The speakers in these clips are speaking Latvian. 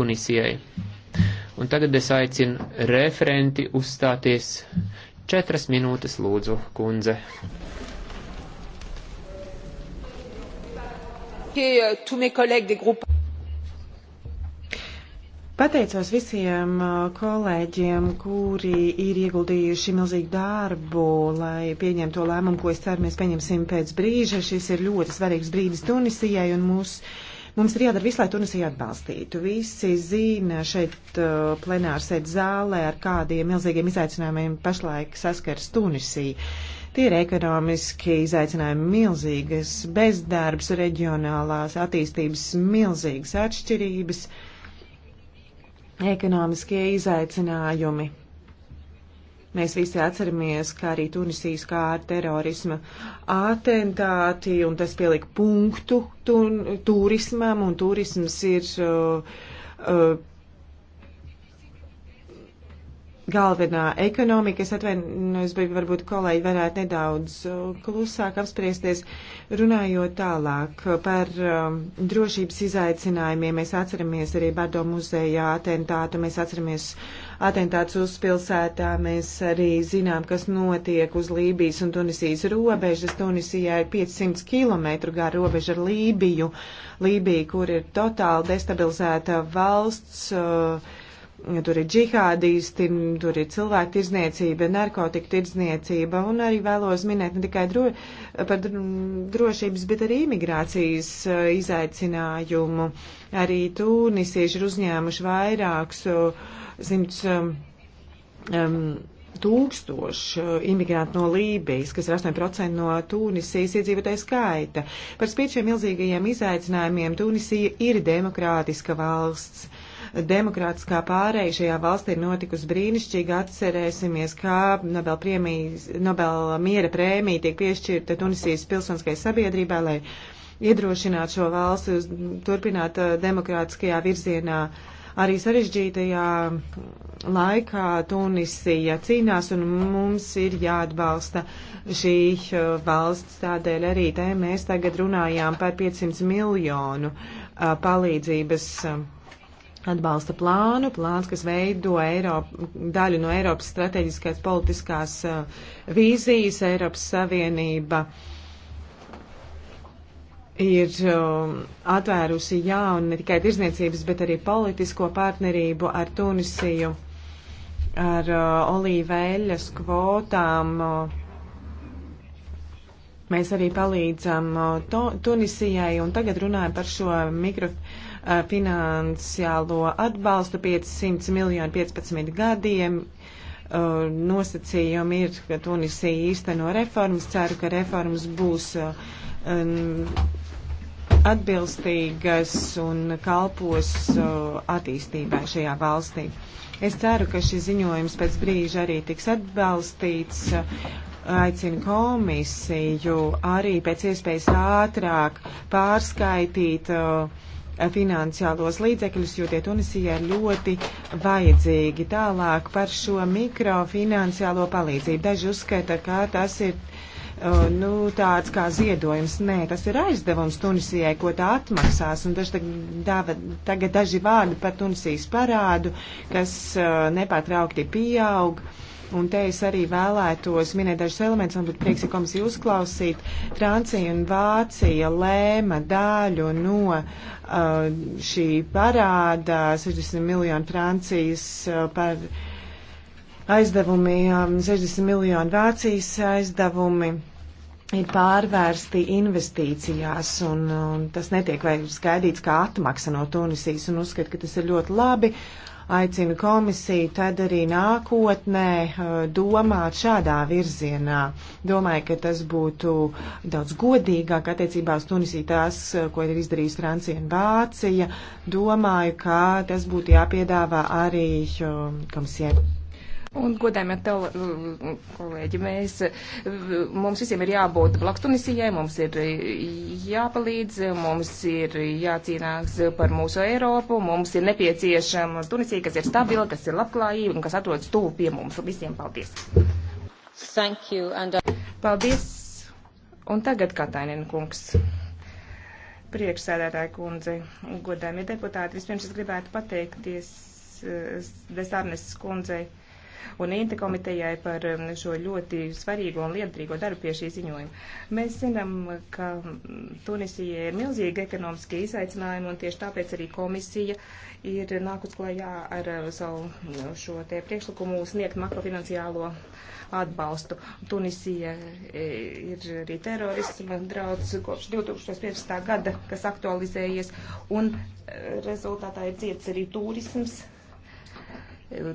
Tunisijai. Un tagad es aicinu referenti uzstāties četras minūtes lūdzu, kundze. Pateicos visiem uh, kolēģiem, kuri ir ieguldījuši milzīgu darbu, lai pieņemtu to lēmumu, ko es ceru, mēs pieņemsim pēc brīža. Šis ir ļoti svarīgs brīdis Tunisijai un mūsu Mums ir jādara viss, lai Tunisiju atbalstītu. Visi zina šeit uh, plenārsēt zālē, ar kādiem milzīgiem izaicinājumiem pašlaik saskars Tunisija. Tie ir ekonomiski izaicinājumi milzīgas, bezdarbs, reģionālās attīstības milzīgas atšķirības, ekonomiskie izaicinājumi Mēs visi atceramies, kā arī Tunisijas kā ar terorisma atentāti, un tas pielika punktu tun, turismam, un turisms ir uh, uh, galvenā ekonomika. Es atvainojos, bet varbūt kolēģi varētu nedaudz uh, klusāk apspriesties, runājot tālāk par uh, drošības izaicinājumiem. Mēs atceramies arī Bardo muzejā atentātu, mēs atceramies. Uh, atentāts uz pilsētā. Mēs arī zinām, kas notiek uz Lībijas un Tunisijas robežas. Tunisijā ir 500 km gara robeža ar Lībiju. Lībija, kur ir totāli destabilizēta valsts. Uh, Tur ir džihādīsti, tur ir cilvēku tirdzniecība, narkotika tirdzniecība, un arī vēlos minēt ne tikai dro, par drošības, bet arī imigrācijas eh, izaicinājumu. Arī tūnisieši ir uzņēmuši vairākus eh, simts. Um, tūkstoši imigrantu no Lībijas, kas ir 8% no Tūnisijas iedzīvotāju skaita. Par spīd šiem milzīgajiem izaicinājumiem Tūnisija ir demokrātiska valsts demokrātiskā pārēja šajā valstī ir notikusi brīnišķīgi. Atcerēsimies, kā Nobel, priemijas, Nobel miera prēmija tiek piešķirta Tunisijas pilsoniskai sabiedrībai, lai iedrošinātu šo valsti uz turpināt uh, demokrātiskajā virzienā. Arī sarežģītajā laikā Tunisija cīnās un mums ir jāatbalsta šī uh, valsts. Tādēļ arī te mēs tagad runājām par 500 miljonu uh, palīdzības atbalsta plānu, plāns, kas veido Eiropu, daļu no Eiropas strateģiskās politiskās uh, vīzijas. Eiropas Savienība ir uh, atvērusi jaunu ne tikai tirzniecības, bet arī politisko partnerību ar Tunisiju, ar uh, olīveļas kvotām. Uh, Mēs arī palīdzam uh, to, Tunisijai un tagad runājam par šo mikrofonu finansiālo atbalstu 500 miljonu 15 gadiem. Nosacījumi ir, ka Tunisija īsteno reformas. Ceru, ka reformas būs atbilstīgas un kalpos attīstībai šajā valstī. Es ceru, ka šis ziņojums pēc brīža arī tiks atbalstīts. Aicinu komisiju arī pēc iespējas ātrāk pārskaitīt uh, finansiālos līdzekļus, jo tie Tunisijai ir ļoti vajadzīgi. Tālāk par šo mikrofinansiālo palīdzību. Daži uzskata, ka tas ir nu, tāds kā ziedojums. Nē, tas ir aizdevums Tunisijai, ko tā atmaksās. Un daži, dava, tagad daži vārdi par Tunisijas parādu, kas nepārtraukti pieaug. Uh, Un te es arī vēlētos minēt dažus elementus, un būtu prieks, ja komisija uzklausīt. Francija un Vācija lēma daļu no uh, šī parāda, 60 miljonu Francijas uh, par aizdevumi, um, 60 miljonu Vācijas aizdevumi ir pārvērsti investīcijās, un, un tas netiek vai skaidīts kā atmaksa no Tunisijas, un uzskat, ka tas ir ļoti labi. Uh, aicinu komisiju tad arī nākotnē eh, domāt šādā virzienā. Domāju, ka tas būtu daudz godīgāk attiecībā uz Tunisiju tās, eh, ko ir izdarījusi Francija un Vācija. Domāju, ka tas būtu jāpiedāvā arī eh, komisijai. Un, godējumie kolēģi, mēs, mums visiem ir jābūt blakus Tunisijai, mums ir jāpalīdz, mums ir jācīnās par mūsu Eiropu, mums ir nepieciešama Tunisija, kas ir stabila, kas ir labklājība un kas atrodas tuvu pie mums. Visiem paldies! Thank you, and... Uh, paldies! Un tagad Katainen kungs. Priekšsēdētāja kundze, godējumie deputāti, vispirms es gribētu pateikties eh, Desarnes kundzei un Inta komitejai par um, šo ļoti svarīgo un liederīgo darbu pie šī ziņojuma. Mēs zinām, ka mm, Tunisija ir milzīga ekonomiskie izaicinājumi, un tieši tāpēc arī komisija ir nākus klajā ar uh, savu uh, šo te priekšlikumu sniegt makrofinanciālo atbalstu. Tunisija e, ir arī terorisma draudz kopš 2015. gada, kas aktualizējies, un e, rezultātā ir dziedz arī turisms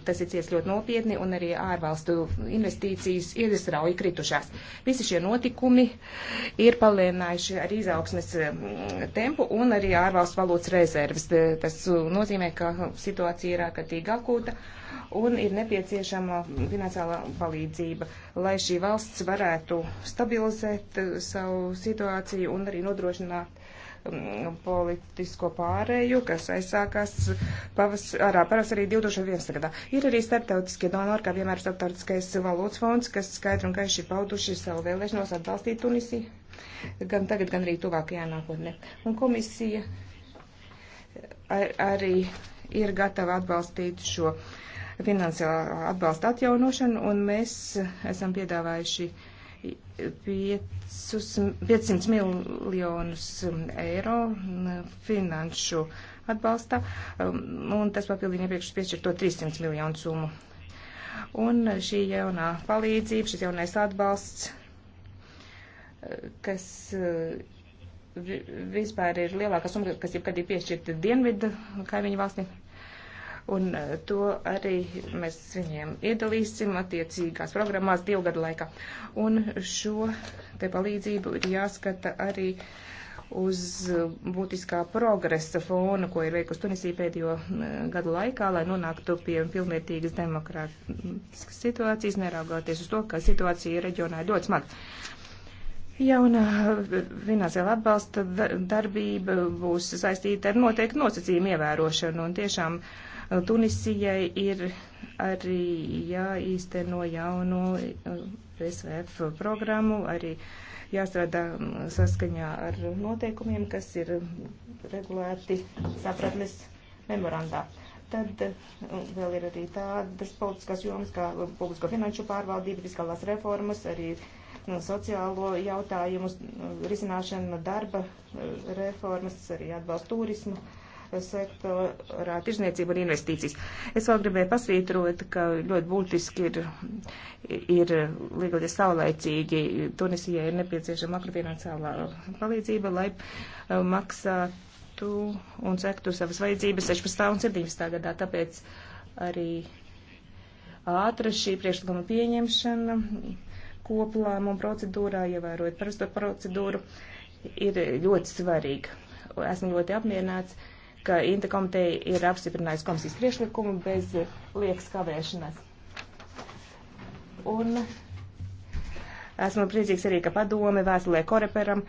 tas ir cies ļoti nopietni, un arī ārvalstu investīcijas ir strauji kritušās. Visi šie notikumi ir palielinājuši arī izaugsmes um, tempu un arī ārvalstu valūtas rezerves. Tas uh, nozīmē, ka situācija ir ārkārtīgi akūta un ir nepieciešama finansiālā palīdzība, lai šī valsts varētu stabilizēt uh, savu situāciju un arī nodrošināt Mm, politisko pārēju, kas aizsākās pavasarā, pavasarī 2011. gadā. Ir arī starptautiskie donori, kā vienmēr starptautiskais valūtas fonds, kas skaidri un gaiši pauduši savu vēlēšanos atbalstīt Tunisiju, gan tagad, gan arī tuvākajā nākotnē. Un komisija ar, arī ir gatava atbalstīt šo finansiālā atbalsta atjaunošanu, un mēs esam piedāvājuši uh, 500 miljonus um, eiro um, finanšu atbalsta, um, un tas papildina iepriekš piešķirto 300 miljonu summu. Un šī jaunā palīdzība, šis jaunais atbalsts, kas uh, vispār ir lielākā summa, kas jebkad ir piešķirta dienvidu kaimiņu valstīm un e, to arī mēs viņiem iedalīsim attiecīgās programmās divu gadu laikā. Un šo te palīdzību ir jāskata arī uz būtiskā progresa fona, ko ir veikusi Tunisija pēdējo e, gadu laikā, lai nonāktu pie pilnvērtīgas demokrātiskas situācijas, neraugoties uz to, ka situācija reģionā ir ļoti smaga. Jaunā finansiāla atbalsta darbība būs saistīta ar noteiktu nosacījumu ievērošanu un tiešām uh, Tunisijai ir arī jāīsteno jauno eh, SVF programmu, arī jāstrādā mm, saskaņā ar noteikumiem, kas ir regulēti sapratnes memorandā. Tad eh, vēl ir arī tādas politiskās jomas kā publisko finanšu pārvaldība, fiskālās reformas, arī mm, sociālo jautājumu mm, risināšana, darba eh, reformas, arī atbalsts turismu sektorā tirzniecība un investīcijas. Es vēl gribēju pasvītrot, ka ļoti būtiski ir, ir līgoties saulēcīgi. Tunisijai ir nepieciešama makrofinansālā palīdzība, lai uh, maksātu un sektu savas vajadzības 16. un 17. gadā. Tāpēc arī ātra šī priekšlikuma pieņemšana koplēmuma procedūrā, ievērojot parasto procedūru, ir ļoti svarīga. Esmu ļoti apmierināts ka Inta komiteja ir apstiprinājusi komisijas priekšlikumu bez eh, liekas kavēšanās. Un esmu priecīgs arī, ka padome vēstulē Koreperam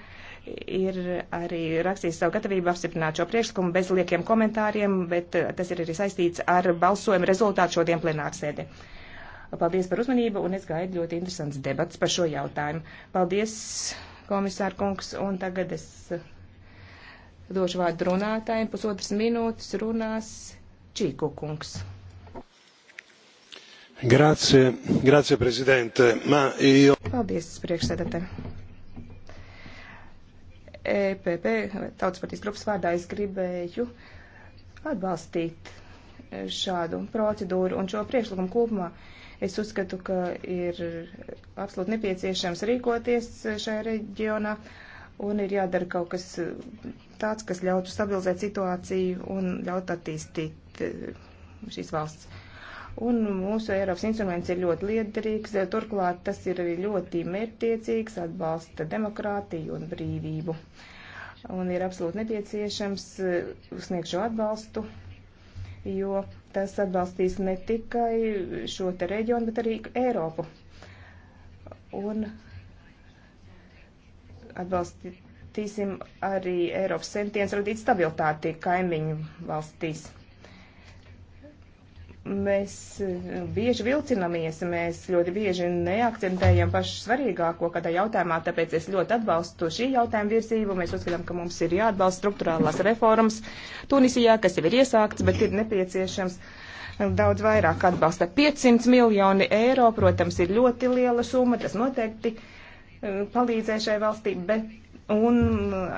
ir arī rakstījis savu gatavību apstiprināt šo priekšlikumu bez liekiem komentāriem, bet eh, tas ir arī saistīts ar balsojumu rezultātu šodien plenārsēdē. Paldies par uzmanību, un es gaidu ļoti interesants debats par šo jautājumu. Paldies, komisār kungs, un tagad es. Došu vārdu runātājiem. Pusotras minūtes runās Čīku kungs. Grazie, grazie, prezidente. Ma, jo... Paldies, priekšsēdētāji. EPP, Tautas partijas grupas vārdā, es gribēju atbalstīt šādu procedūru un šo priekšlikumu kopumā. Es uzskatu, ka ir absolūti nepieciešams rīkoties šajā reģionā un ir jādara kaut kas eh, tāds, kas ļautu stabilizēt situāciju un ļaut attīstīt eh, šīs valsts. Un mūsu Eiropas instruments ir ļoti liederīgs, turklāt tas ir arī ļoti mērķtiecīgs, atbalsta demokrātiju un brīvību. Un ir absolūti nepieciešams eh, sniegt šo atbalstu, jo tas atbalstīs ne tikai šo te reģionu, bet arī Eiropu. Un atbalstīsim arī Eiropas centienus radīt stabilitāti kaimiņu valstīs. Mēs eh, bieži vilcinamies, mēs ļoti bieži neakcentējam pašu svarīgāko kādā jautājumā, tāpēc es ļoti atbalstu šī jautājuma virzību. Mēs uzskatām, ka mums ir jāatbalsta struktūrālās reformas Tunisijā, kas jau ir iesākts, bet ir nepieciešams daudz vairāk atbalsta. 500 miljoni eiro, protams, ir ļoti liela summa, tas noteikti palīdzēja šai valstī, bet Un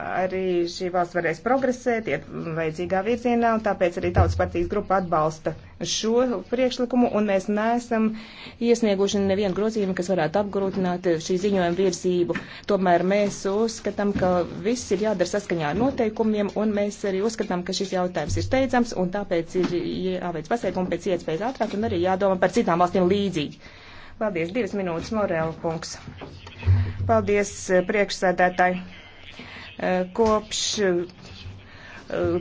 arī šī valsts varēs progresēt, iet vajadzīgā virzienā, un tāpēc arī Tautas partijas grupa atbalsta šo priekšlikumu, un mēs neesam iesnieguši nevienu grozījumu, kas varētu apgrūtināt šī ziņojuma virzību. Tomēr mēs uzskatām, ka viss ir jādara saskaņā ar noteikumiem, un mēs arī uzskatām, ka šis jautājums ir steidzams, un tāpēc ir jāveic pasveikumi pēc iespējas ātrāk, un arī jādomā par citām valstīm līdzīgi. Paldies, divas minūtes, Morēla kungs. Paldies, eh, priekšsēdētāji. Eh, kopš eh,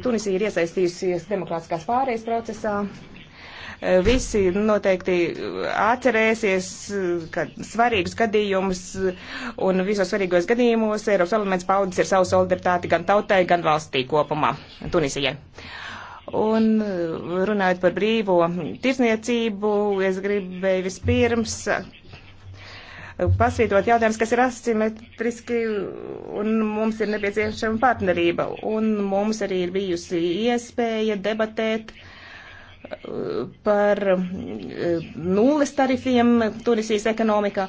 Tunisija ir iesaistījusies demokrātiskās pārējas procesā, visi noteikti atcerēsies, ka svarīgus gadījumus un visos svarīgos gadījumos Eiropas parlaments paudzes ir savu solidaritāti gan tautai, gan valstī kopumā Tunisijai. Un runājot par brīvo tirsniecību, es gribēju vispirms pasvītrot jautājumus, kas ir asimetriski, un mums ir nepieciešama partnerība. Un mums arī ir bijusi iespēja debatēt uh, par uh, nulles tarifiem Tunisijas ekonomikā.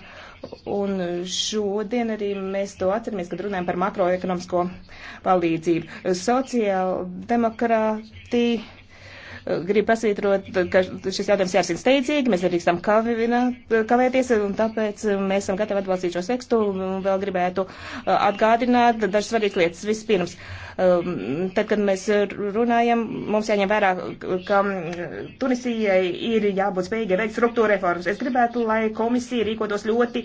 Un šodien arī mēs to atceramies, kad runājam par makroekonomisko palīdzību. Sociāldemokrātija Gribu pasvītrot, ka šis jautājums jārisina steidzīgi, mēs nedrīkstam kavēties, un tāpēc mēs esam gatavi atbalstīt šo tekstu. Vēl gribētu uh, atgādināt dažas svarīgas lietas. Vispirms. Uh, Um, tad, kad mēs runājam, mums jāņem vērā, ka Tunisijai ir jābūt spējīgai veikt struktūra reformas. Es gribētu, lai komisija rīkotos ļoti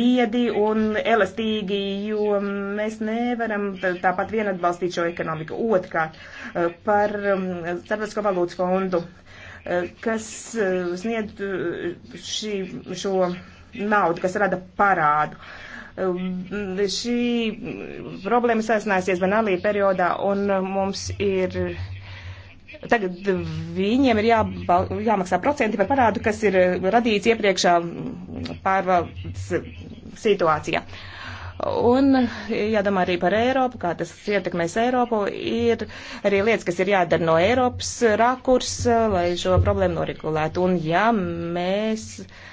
viedi un elastīgi, jo mēs nevaram tāpat vien atbalstīt šo ekonomiku. Otrkārt, uh, par um, starptautisko valūtas fondu, uh, kas uh, sniedz šī, šo naudu, kas rada parādu. Ehm, šī problēma sasnāsies banālī periodā, un mums ir tagad viņiem ir jāba, jāmaksā procenti par parādu, kas ir radīts iepriekšā pārvaldes situācijā. Un jādomā arī par Eiropu, kā tas ietekmēs Eiropu. Ir arī lietas, kas ir jādara no Eiropas rakurs, lai šo problēmu norikulētu. Un ja mēs. Uh,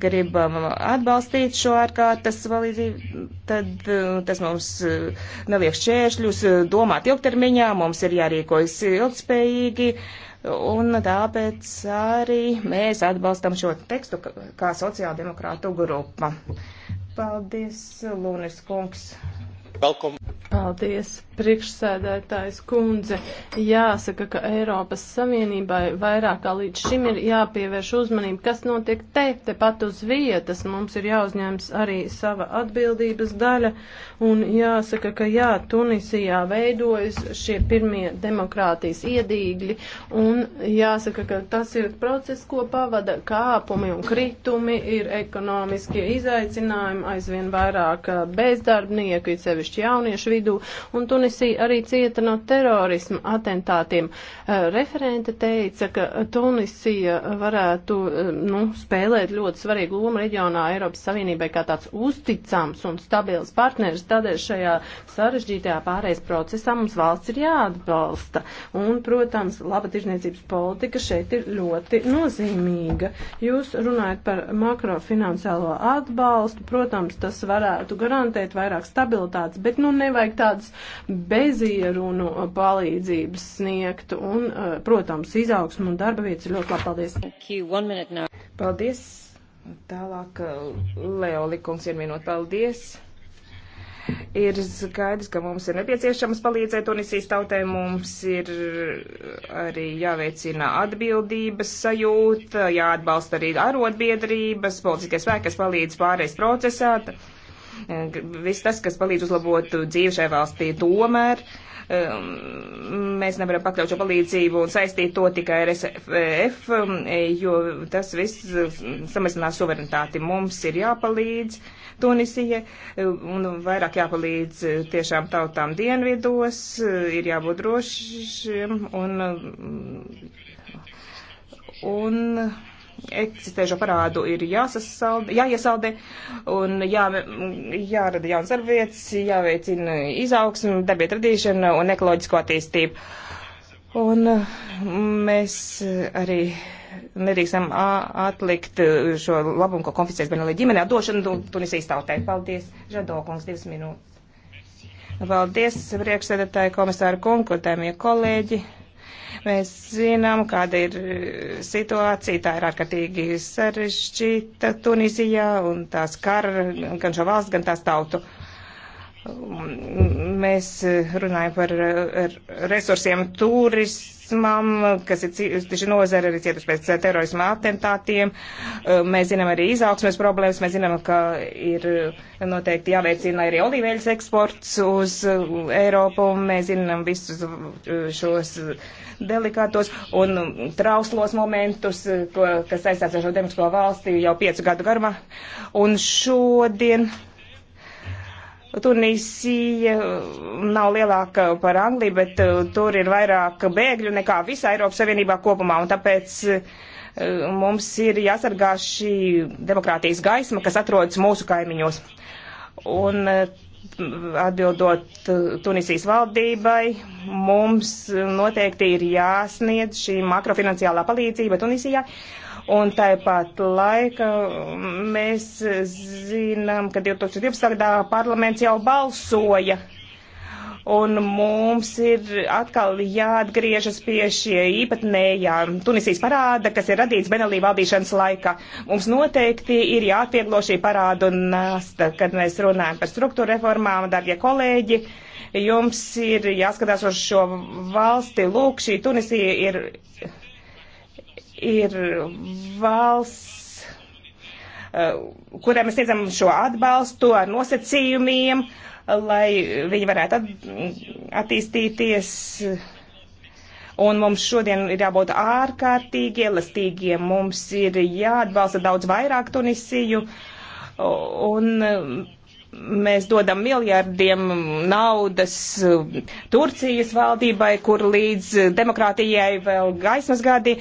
gribam atbalstīt šo ārkārtas palīdzību, tad uh, tas mums uh, neliek šķēršļus uh, domāt ilgtermiņā, mums ir jārīkojas ilgspējīgi, un tāpēc arī mēs atbalstam šo tekstu kā sociāldemokrātu grupa. Paldies, Lūnis Kungs. Welcome. Paldies, priekšsēdētājs kundze. Jāsaka, ka Eiropas Savienībai vairāk kā līdz šim ir jāpievērš uzmanība, kas notiek te, tepat uz vietas. Mums ir jāuzņems arī sava atbildības daļa. Un jāsaka, ka jā, Tunisijā veidojas šie pirmie demokrātijas iedīgļi. Un jāsaka, ka tas ir process, ko pavada kāpumi un kritumi, ir ekonomiskie izaicinājumi, aizvien vairāk eh, bezdarbnieku, it sevišķi jauniešu vidū, un Tunisija arī cieta no terorisma atentātiem. Eh, referente teica, ka Tunisija varētu eh, nu, spēlēt ļoti svarīgu lomu reģionā Eiropas Savienībai kā tāds uzticams un stabils partneris, tādēļ šajā sarežģītajā pārējais procesā mums valsts ir jāatbalsta. Un, protams, laba tirzniecības politika šeit ir ļoti nozīmīga. Jūs runājat par makrofinansiālo atbalstu, protams, tas varētu garantēt vairāk stabilitātes, bet nu nevajag vajag tādas bezierunu palīdzības sniegtu un, eh, protams, izaugsmu un darba vietas ir ļoti labi. Paldies! Paldies! Tālāk, eh, Leo Likums, ir minūte. Paldies! ir skaidrs, ka mums ir nepieciešams palīdzēt Tunisijas tautai. Mums ir eh, arī jāveicina atbildības sajūta, jāatbalsta arī arotbiedrības, politiskie spēki, kas palīdz pārējais procesā. Tā viss tas, kas palīdz uzlabot dzīvi šajā valstī. Tomēr um, mēs nevaram pakļaut šo palīdzību un saistīt to tikai ar SFF, um, jo tas viss um, samazinās suverenitāti. Mums ir jāpalīdz Tunisija un vairāk jāpalīdz uh, tiešām tautām dienvidos, uh, ir jābūt drošiem un. un eksistējošo parādu ir jāsasaldē, jāiesaldē un jā, jārada jauns darbvietas, jāveicina izaugsme, darbiet radīšana un ekoloģisko attīstību. Un mm, mēs arī nedrīkstam atlikt šo labumu, ko konfiscēs Benelī ģimenē, došanu Tunisijas tautai. Paldies, Žadokungs, divas minūtes. Paldies, priekšsēdētāji, komisāri, konkurtējumie kolēģi. Mēs zinām, kāda ir eh, situācija, tā ir ārkārtīgi sarežģīta Tunizijā un tās kara, gan šo valsts, gan tās tautu. Uh, Mēs e, runājam par e, resursiem turismam, kas ir tieši nozara arī cietuši pēc terorisma atentātiem. E, mēs zinām arī izaugsmes problēmas, mēs zinām, ka ir noteikti jāveicina arī olīveļas eksports uz Eiropu. Mēs zinām visus šos delikātos un trauslos momentus, ko, kas saistās ar šo demokrātisko valsti jau piecu gadu garumā. Un šodien. Tunisija mm, nav lielāka par Angliju, bet uh, tur ir vairāk bēgļu nekā visā Eiropas Savienībā kopumā, un tāpēc uh, mums ir jāsargā šī demokrātijas gaisma, kas atrodas mūsu kaimiņos. Un uh, atbildot Tunisijas valdībai, mums noteikti ir jāsniedz šī makrofinanciālā palīdzība Tunisijai Un tāpat laika mēs zinām, ka 2012. gadā parlaments jau balsoja. Un mums ir atkal jāatgriežas pie šie īpatnējā Tunisijas parāda, kas ir radīts Benelī valdīšanas laikā. Mums noteikti ir jāatvieglo šī parādu nasta, kad mēs runājam par struktūra reformām, darbie kolēģi jums ir jāskatās uz šo valsti. Lūk, šī Tunisija ir ir valsts, eh, kurai mēs sniedzam šo atbalstu ar nosacījumiem, lai viņi varētu attīstīties. Un mums šodien ir jābūt ārkārtīgi elastīgiem. Mums ir jāatbalsta daudz vairāk Tunisiju. Un eh, mēs dodam miljardiem naudas eh, Turcijas valdībai, kur līdz demokrātijai vēl gaismas gadi,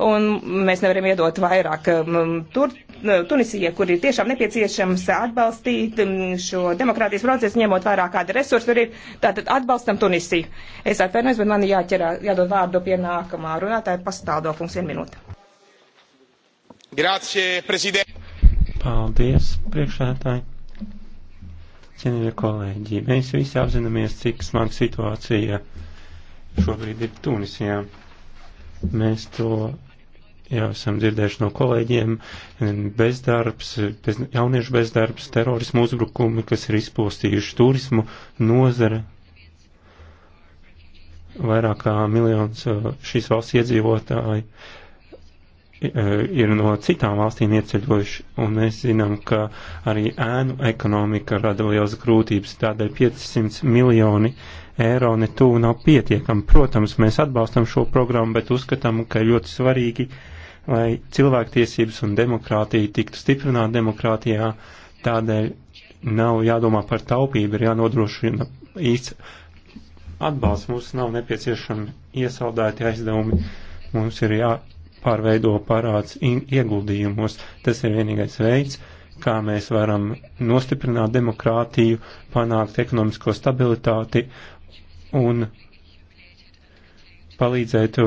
un mēs nevaram iedot vairāk. Um, tur nu, Tunisija, kur ir tiešām nepieciešams atbalstīt um, šo demokrātijas procesu, ņemot vērā kāda resursa tur ir. Tātad atbalstam Tunisiju. Es atvainojos, bet man jāķerā, jādod vārdu pie nākamā runātāja pastādo kungs vienu minūti. Grācie, prezident. Paldies, priekšētāji. Cienījamie kolēģi, mēs visi apzināmies, cik smaga situācija šobrīd ir Tunisijā. Mēs to jau esam dzirdējuši no kolēģiem, bezdarbs, bez, jauniešu bezdarbs, terorismu uzbrukumi, kas ir izpostījuši turismu nozara. Vairāk kā miljons uh, šīs valsts iedzīvotāji uh, ir no citām valstīm ieceļojuši, un mēs zinām, ka arī ēnu ekonomika rada liels grūtības, tādēļ 500 miljoni eiro netuvu nav pietiekami. Protams, mēs atbalstam šo programmu, bet uzskatām, ka ļoti svarīgi uh, lai cilvēktiesības un demokrātija tiktu stiprināta demokrātijā, tādēļ nav jādomā par taupību, ir jānodrošina īsts atbalsts, mums nav nepieciešami iesaldēti aizdevumi, mums ir jāpārveido parāds ieguldījumos, tas ir vienīgais veids, kā mēs varam nostiprināt demokrātiju, panākt ekonomisko stabilitāti un palīdzēt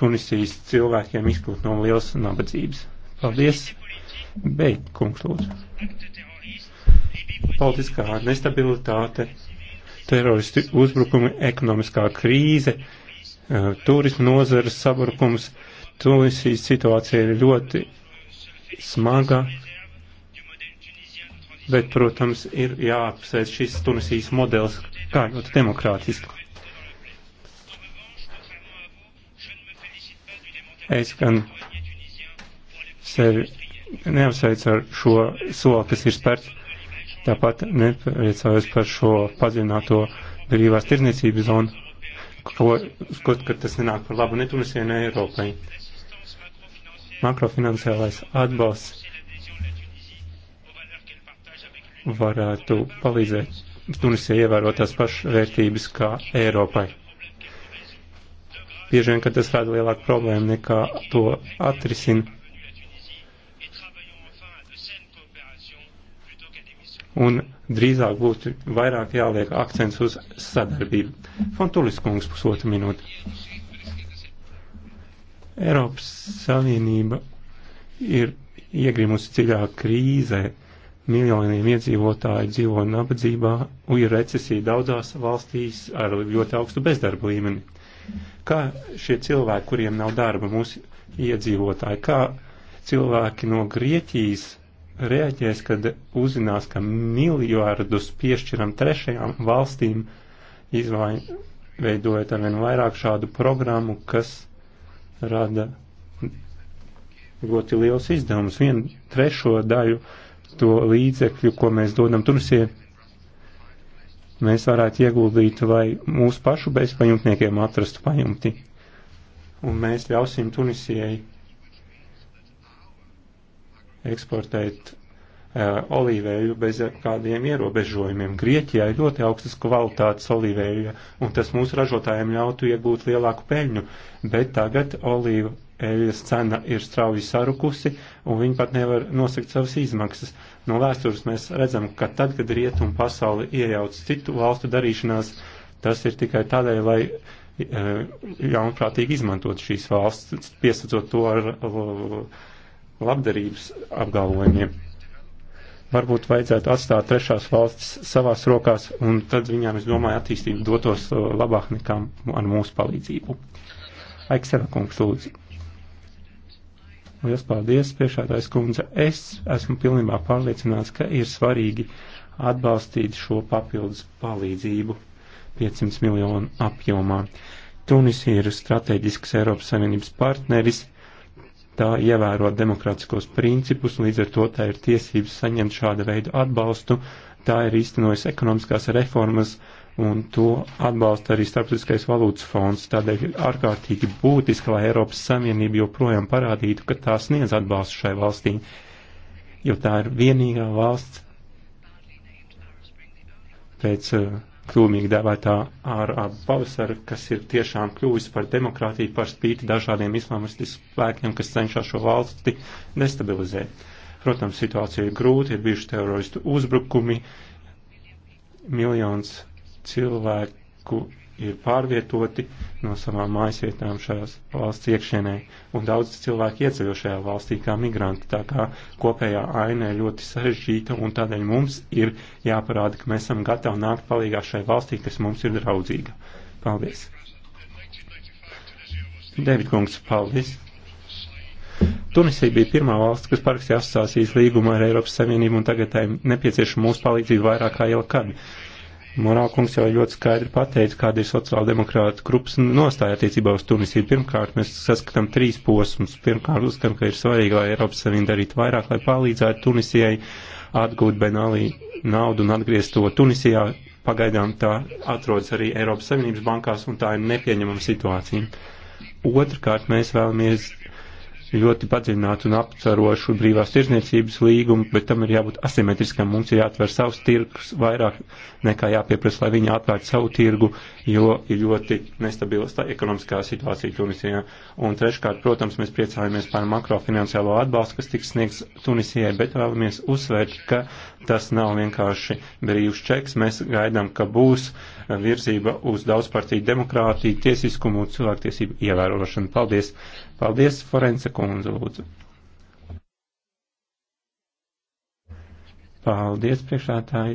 Tunisijas cilvēkiem izkļūt no lielas nabadzības. Paldies! Beigt, kungs, lūdzu. Politiskā nestabilitāte, teroristi uzbrukumi, ekonomiskā krīze, eh, turismu nozares sabrukums. Tunisijas situācija ir ļoti smaga, bet, protams, ir jāapsēst šis Tunisijas modelis kā ļoti demokrātisks. Es gan sevi neapsveicu ar šo soli, kas ir spērts. Tāpat nepriecājos par šo padziļināto brīvās tirniecības zonu, ko, ko, ka tas nenāk par labu ne Tunisijai, ne Eiropai. Makrofinansiālais atbalsts varētu palīdzēt Tunisijai ievērot tās pašas vērtības kā Eiropai bieži vien, ka tas rada lielāku problēmu nekā to atrisina. Un drīzāk būtu vairāk jāliek akcents uz sadarbību. Fontulis kungs pusotra minūte. Eiropas Savienība ir iegrimusi dziļā krīzē. Miljoniem iedzīvotāji dzīvo nabadzībā, ir recesija daudzās valstīs ar ļoti augstu bezdarba līmeni Kā šie cilvēki, kuriem nav darba, mūsu iedzīvotāji, kā cilvēki no Grieķijas reaģēs, kad uzzinās, ka miljardus piešķiram trešajām valstīm, izveidojot arvien vairāk šādu programmu, kas rada ļoti liels izdevums, vienu trešo daļu to līdzekļu, ko mēs dodam Turcijai mēs varētu ieguldīt, lai mūsu pašu bezpajumtniekiem atrastu pajumti. Un mēs ļausim Tunisijai eksportēt uh, eh, olīvēju bez kādiem ierobežojumiem. Grieķijā ir ļoti augstas kvalitātes olīvēja, un tas mūsu ražotājiem ļautu iegūt lielāku peļņu, bet tagad olīvu eļas cena ir strauji sarukusi, un viņi pat nevar nosakt savas izmaksas. No vēstures mēs redzam, ka tad, kad rietuma pasauli iejauc citu valstu darīšanās, tas ir tikai tādēļ, lai e, ļaunprātīgi izmantot šīs valsts, piesacot to ar labdarības apgalvojumiem. Varbūt vajadzētu atstāt trešās valstis savās rokās, un tad viņām, es domāju, attīstība dotos e, labāk nekā ar mūsu palīdzību. Aiksena kungs lūdzu. Lielas paldies, priekšādājs kundze. Es esmu pilnībā pārliecināts, ka ir svarīgi atbalstīt šo papildus palīdzību 500 miljonu apjomā. Tunisija ir strateģisks Eiropas Savienības partneris, tā ievēro demokrātiskos principus, līdz ar to tā ir tiesības saņemt šāda veida atbalstu, tā ir īstenojusi ekonomiskās reformas, un to atbalsta arī Starptautiskais valūtas fonds. Tādēļ ir ārkārtīgi būtiski, lai Eiropas Savienība joprojām parādītu, ka tā sniedz atbalstu šai valstī, jo tā ir vienīgā valsts pēc eh, kļūmīgi dēvētā ārā pavasara, kas ir tiešām kļuvusi par demokrātiju par spīti dažādiem islamistiskiem spēkiem, kas cenšas šo valsti destabilizēt. Protams, situācija ir grūta, ir bijuši teroristu uzbrukumi, miljons cilvēku ir pārvietoti no savām mājasvietām šajās valsts iekšienē, un daudz cilvēku ieceļo šajā valstī kā migranti, tā kā kopējā aina ir ļoti sarežģīta, un tādēļ mums ir jāparāda, ka mēs esam gatavi nākt palīgā šai valstī, kas mums ir draudzīga. Paldies! David Kungs, paldies! Tunisija bija pirmā valsts, kas parakstīja asociācijas līgumu ar Eiropas Savienību, un tagad tai nepieciešama mūsu palīdzība vairāk kā jau kad. Morākungs jau ļoti skaidri pateica, kāda ir sociāldemokrāta grupas nostāja attiecībā uz Tunisiju. Pirmkārt, mēs saskatām trīs posmus. Pirmkārt, uzskatām, ka ir svarīgi, lai Eiropas Savienība darītu vairāk, lai palīdzētu Tunisijai atgūt Benālī naudu un atgriezt to Tunisijā. Pagaidām tā atrodas arī Eiropas Savienības bankās, un tā ir nepieņemama situācija. Otrkārt, mēs vēlamies ļoti padziļinātu un aptverošu brīvās tirzniecības līgumu, bet tam ir jābūt asimetriskam. Mums ir jāatver savs tirgus vairāk nekā jāpieprasa, lai viņi atvērtu savu tirgu, jo ir ļoti nestabils tā ekonomiskā situācija Tunisijā. Un treškārt, protams, mēs priecājamies par makrofinanciālo atbalstu, kas tiks sniegs Tunisijai, bet vēlamies uzsvērt, ka tas nav vienkārši brīvs čeks. Mēs gaidām, ka būs virzība uz daudzpartiju demokrātiju, tiesiskumu un cilvēktiesību ievērošanu. Paldies! Paldies, Forence kundze, lūdzu. Paldies, priekšētāji.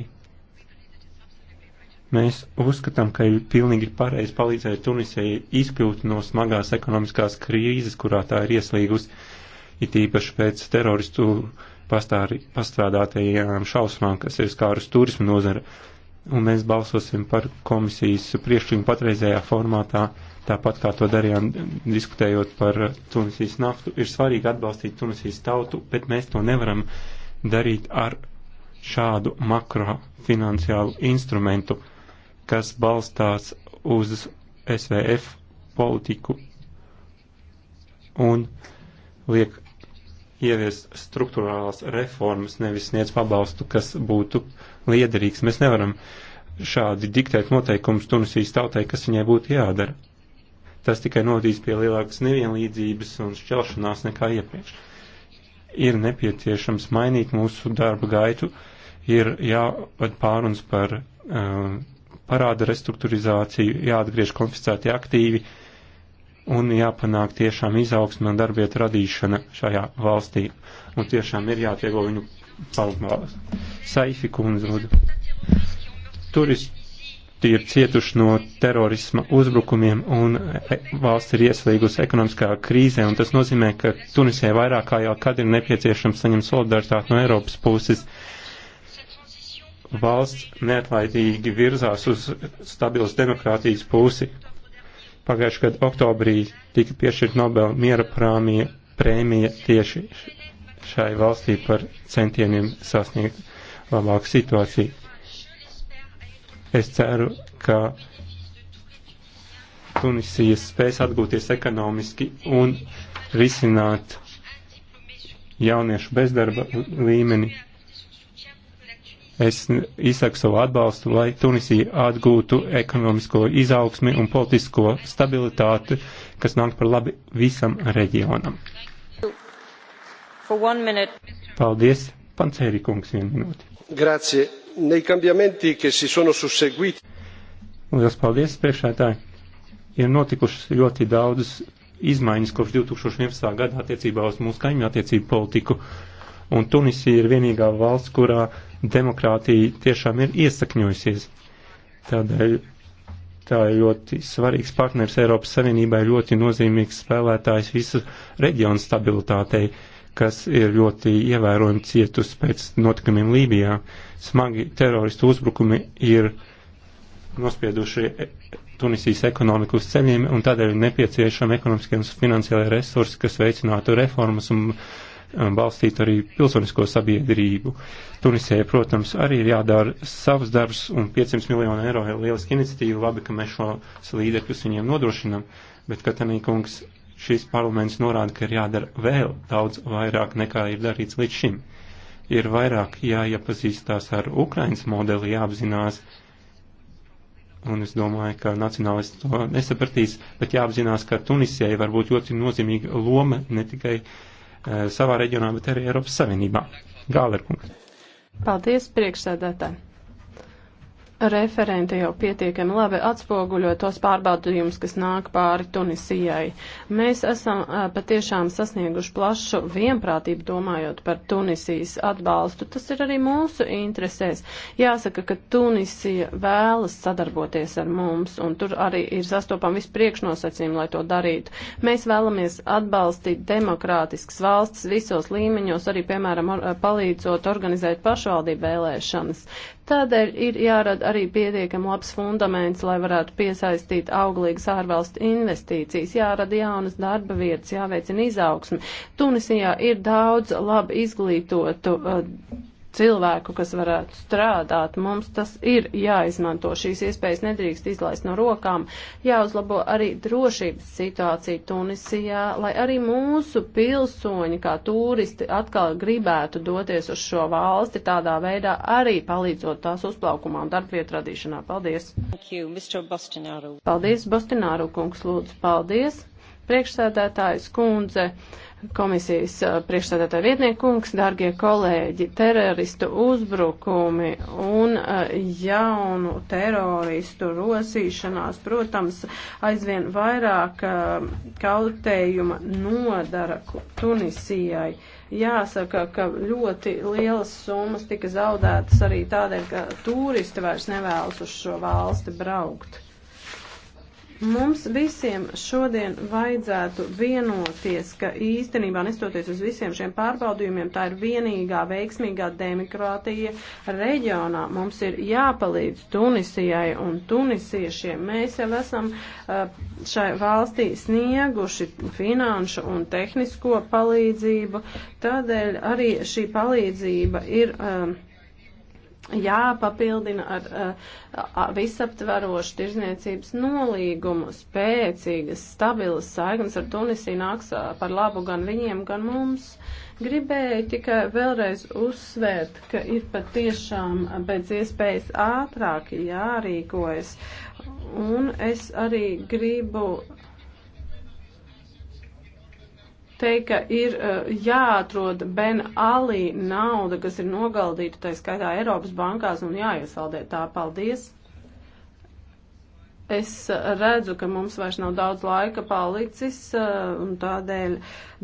Mēs uzskatām, ka ir pilnīgi pareizi palīdzēt Tunisijai izkļūt no smagās ekonomiskās krīzes, kurā tā ir ieslīgusi, it īpaši pēc teroristu pastāri, pastrādātajām šausmām, kas ir skārus turismu nozara. Un mēs balsosim par komisijas priekšlikumu patreizējā formātā. Uh, tāpat kā to darījām diskutējot par Tunisijas naftu, ir svarīgi atbalstīt Tunisijas tautu, bet mēs to nevaram darīt ar šādu makrofinanciālu instrumentu, kas balstās uz SVF politiku un liek ievies struktūrālās reformas, nevis sniedz pabalstu, kas būtu liederīgs. Mēs nevaram šādi diktēt noteikumus Tunisijas tautai, kas viņai būtu jādara Tas tikai novadīs pie lielākas nevienlīdzības un šķelšanās nekā iepriekš. Ir nepieciešams mainīt mūsu darba gaitu, ir jāved pārunas par uh, parāda restruktūrizāciju, jāatgriež konfiscēti aktīvi un jāpanāk tiešām izaugsme un darbiet radīšana šajā valstī. Un tiešām ir jāatvieglo viņu palmās. Saifi kundze, lūdzu. Turis, tie ir cietuši no terorisma uzbrukumiem un e, valsts ir ieslīgusi ekonomiskā krīzē, un tas nozīmē, ka Tunisijai vairāk kā jau kad ir nepieciešams saņemt solidaritāti no Eiropas puses. Valsts neatlaidīgi virzās uz stabilas demokrātijas pusi. Pagājušajā gadā oktobrī tika piešķirta Nobel miera prāmija, prēmija tieši šai valstī par centieniem sasniegt labāku situāciju Es ceru, ka Tunisija spēs atgūties ekonomiski un risināt jauniešu bezdarba līmeni. Es izsaku savu atbalstu, lai Tunisija atgūtu ekonomisko izaugsmi un politisko stabilitāti, kas nāk par labi visam reģionam. Paldies, Pancēri kungs, vienu minūti. Grazie nei cambiamenti che si sono susseguiti. Lielas paldies, priekšētāji! Ir notikušas ļoti daudzas izmaiņas kopš 2011. gada attiecībā uz mūsu kaimiņu attiecību politiku, un Tunisija ir vienīgā valsts, kurā demokrātija tiešām ir iesakņojusies. Tādēļ tā ir ļoti svarīgs partners Eiropas Savienībai, ļoti nozīmīgs spēlētājs visu reģionu stabilitātei. Uh, kas ir ļoti ievērojami cietus pēc notikumiem Lībijā. Smagi teroristu uzbrukumi ir nospieduši Tunisijas ekonomiku uz ceļiem, un tādēļ ir nepieciešama ekonomiskie un finansiālai resursi, kas veicinātu reformas un um, balstītu arī pilsonisko sabiedrību. Tunisijai, protams, arī ir jādara savs darbs, un 500 miljonu eiro ir lieliski iniciatīva, labi, ka mēs šos līdzekļus viņiem nodrošinam, bet Katanī kungs šis parlaments norāda, ka ir jādara vēl daudz vairāk nekā ir darīts līdz šim. Ir vairāk jāiepazīstās ar Ukrainas modeli, jāapzinās, un es domāju, ka nacionālisti to nesapratīs, bet jāapzinās, ka Tunisijai var būt ļoti nozīmīga loma ne tikai uh, savā reģionā, bet arī Eiropas Savienībā. Gālerkungs. Paldies, priekšsēdētāji! Referente jau pietiekami labi atspoguļo tos pārbaudījumus, kas nāk pāri Tunisijai. Mēs esam patiešām sasnieguši plašu vienprātību domājot par Tunisijas atbalstu. Tas ir arī mūsu interesēs. Jāsaka, ka Tunisija vēlas sadarboties ar mums, un tur arī ir sastopam viss priekšnosacījumi, lai to darītu. Mēs vēlamies atbalstīt demokrātiskas valstis visos līmeņos, arī, piemēram, or palīdzot organizēt pašvaldību vēlēšanas. Tādēļ ir jārada arī pietiekam labs fundaments, lai varētu piesaistīt auglīgas ārvalstu investīcijas, jārada jaunas darba vietas, jāveicina izaugsme. Tunisijā ir daudz labi izglītotu. Uh, cilvēku, kas varētu strādāt. Mums tas ir jāizmanto. Šīs iespējas nedrīkst izlaist no rokām. Jāuzlabo arī drošības situācija Tunisijā, lai arī mūsu pilsoņi kā turisti atkal gribētu doties uz šo valsti tādā veidā arī palīdzot tās uzplaukumā un darbvietu radīšanā. Paldies! You, Bostināru. Paldies, Bostināru kungs, lūdzu, paldies! Priekšsēdētājs kundze komisijas priekšstādātāja vietniekungs, dārgie kolēģi, teroristu uzbrukumi un jaunu teroristu rosīšanās, protams, aizvien vairāk kautējuma nodara Tunisijai. Jāsaka, ka ļoti lielas summas tika zaudētas arī tādēļ, ka turisti vairs nevēlas uz šo valsti braukt. Mums visiem šodien vajadzētu vienoties, ka īstenībā, nestoties uz visiem šiem pārbaudījumiem, tā ir vienīgā veiksmīgā demokrātija reģionā. Mums ir jāpalīdz Tunisijai un tunisiešiem. Mēs jau esam eh, šai valstī snieguši finanšu un tehnisko palīdzību, tādēļ arī šī palīdzība ir. Um, jāpapildina ar uh, eh, visaptverošu tirzniecības nolīgumu, spēcīgas, stabilas saiknes ar Tunisiju nāks eh, par labu gan viņiem, gan mums. Gribēju tikai vēlreiz uzsvērt, ka ir patiešām pēc iespējas ātrāk jārīkojas. Un es arī gribu teikt, ka ir eh, jāatrod Ben Ali nauda, kas ir nogaldīta, tā skaitā Eiropas bankās, un jāiesaldē tā. Paldies! Es eh, redzu, ka mums vairs nav daudz laika palicis, eh, un tādēļ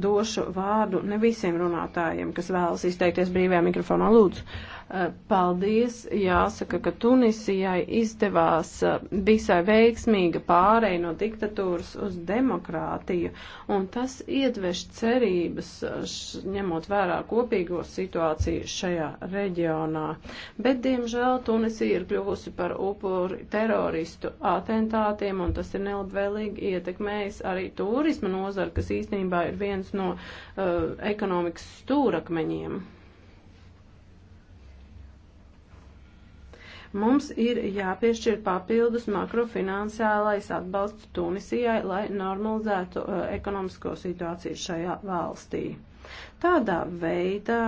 došu vārdu ne visiem runātājiem, kas vēlas izteikties brīvajā mikrofonā. Lūdzu! Eh, paldies! Jāsaka, ka Tunisijai izdevās eh, visai veiksmīga pārēja no diktatūras uz demokrātiju, un tas iedveš cerības, eh, š, ņemot vērā kopīgo situāciju šajā reģionā. Bet, diemžēl, Tunisija ir kļuvusi par upuri teroristu atentātiem, un tas ir nelabvēlīgi ietekmējis arī turisma nozara, kas īstenībā ir viens no uh, ekonomikas stūrakmeņiem. Mums ir jāpiešķir papildus makrofinansiālais atbalsts Tunisijai, lai normalizētu uh, ekonomisko situāciju šajā valstī. Tādā veidā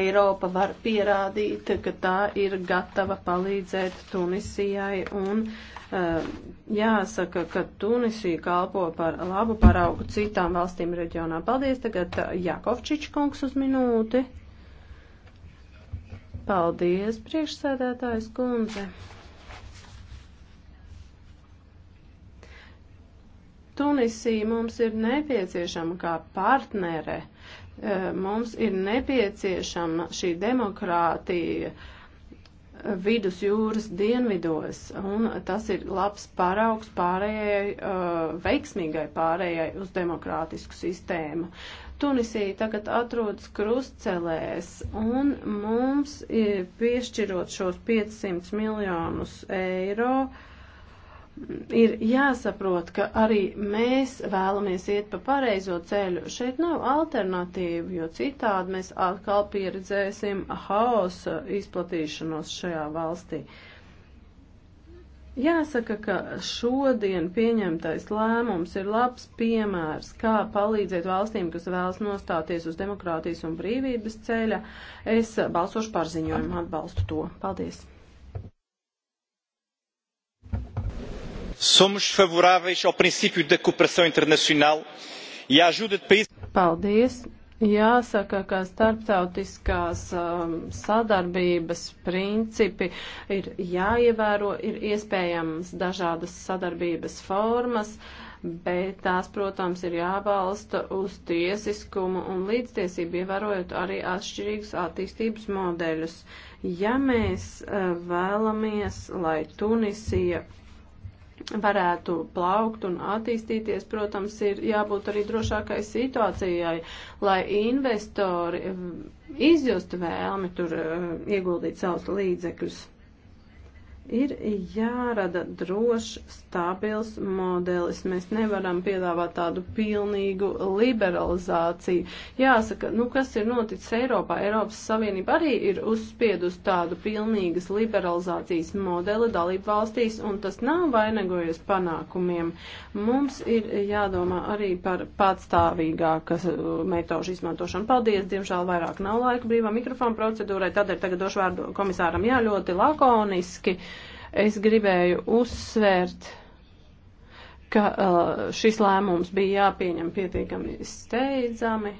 Eiropa var pierādīt, ka tā ir gatava palīdzēt Tunisijai un uh, jāsaka, ka Tunisija kalpo par labu paraugu citām valstīm reģionā. Paldies tagad uh, Jakovčičkungs uz minūti. Paldies, priekšsēdētājs kundze. Tunisija mums ir nepieciešama kā partnere, eh, mums ir nepieciešama šī demokrātija vidus jūras dienvidos, un tas ir labs paraugs pārējai, eh, veiksmīgai pārējai uz demokrātisku sistēmu. Tunisija tagad atrodas krustcelēs, un mums e, piešķirot šos 500 miljonus eiro, ir jāsaprot, ka arī mēs vēlamies iet pa pareizo ceļu. Šeit nav alternatīvu, jo citādi mēs atkal pieredzēsim haosa izplatīšanos šajā valstī. Uh, Jāsaka, ka šodien pieņemtais lēmums ir labs piemērs, kā palīdzēt valstīm, kas vēlas nostāties uz demokrātijas un brīvības ceļa. Es balsošu par ziņojumu, atbalstu to. Paldies! Somos favoráveis ao princípio da cooperação internacional e à ajuda de países. Paldies! Jāsaka, ka starptautiskās um, sadarbības principi ir jāievēro, ir iespējams dažādas sadarbības formas, bet tās, protams, ir jābalsta uz tiesiskumu un līdztiesību, ievērojot arī atšķirīgus attīstības modeļus. Ja mēs uh, vēlamies, lai Tunisija varētu plaukt un attīstīties, protams, ir jābūt arī drošākai situācijai, lai investori mm, izjustu vēlmi tur mm, ieguldīt savus līdzekļus ir jārada drošs, stabils modelis. Mēs nevaram piedāvāt tādu pilnīgu liberalizāciju. Jāsaka, nu kas ir noticis Eiropā? Eiropas Savienība arī ir uzspiedus tādu pilnīgas liberalizācijas modeli dalību valstīs, un tas nav vainagojies panākumiem. Mums ir jādomā arī par patstāvīgākas uh, metožu izmantošanu. Paldies, diemžēl vairāk nav laika brīvā mikrofona procedūrai, tādēļ tagad došu vārdu komisāram jā, ļoti lakoniski. Uh, Es gribēju uzsvērt, ka uh, šis lēmums bija jāpieņem pietiekami steidzami,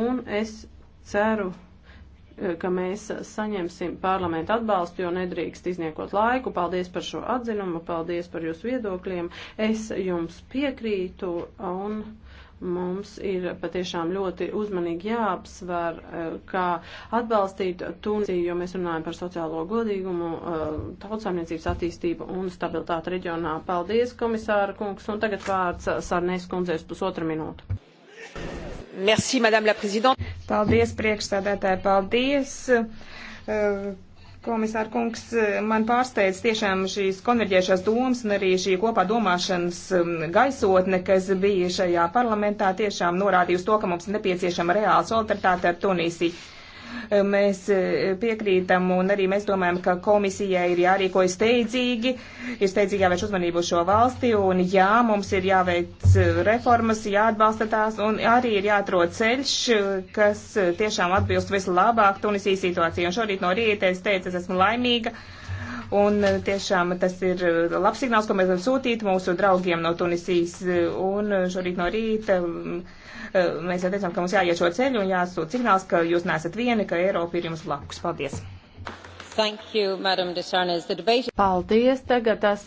un es ceru, uh, ka mēs saņemsim parlamentu atbalstu, jo nedrīkst izniekot laiku. Paldies par šo atzinumu, paldies par jūsu viedokļiem. Es jums piekrītu un. Mums ir patiešām ļoti uzmanīgi jāapsver, eh, kā atbalstīt Tunisiju, jo mēs runājam par sociālo godīgumu, eh, tautsāmniecības attīstību un stabilitāti reģionā. Paldies, komisāra kungs, un tagad vārds Sarnēs kundzēs pusotra minūte. Merci, Madame la Présidente. Paldies, priekšstādētāji, paldies. Uh, Komisār kungs, man pārsteidz tiešām šīs konverģējušās domas un arī šī kopā domāšanas um, gaisotne, kas bija šajā parlamentā, tiešām norādījusi to, ka mums nepieciešama reāla solidaritāte ar Tunisiju mēs e, piekrītam un arī mēs domājam, ka komisijai ir jārīkojas steidzīgi, ir steidzīgi jāvērš uzmanību uz šo valsti un jā, mums ir jāveic e, reformas, jāatbalsta tās un arī ir jāatrod ceļš, e, kas tiešām atbilst vislabāk Tunisijas situācijai. Un šorīt no rīta es teicu, es esmu laimīga. Un tiešām tas ir labs signāls, ko mēs varam sūtīt mūsu draugiem no Tunisijas. Un šorīt no rīta Eh, mēs jau teicām, ka mums jāiet šo ceļu un jāsūt signāls, ka jūs neesat vieni, ka Eiropa ir jums blakus. Paldies! Thank you, Madam Desarnes. The debate... Paldies, tagad esam.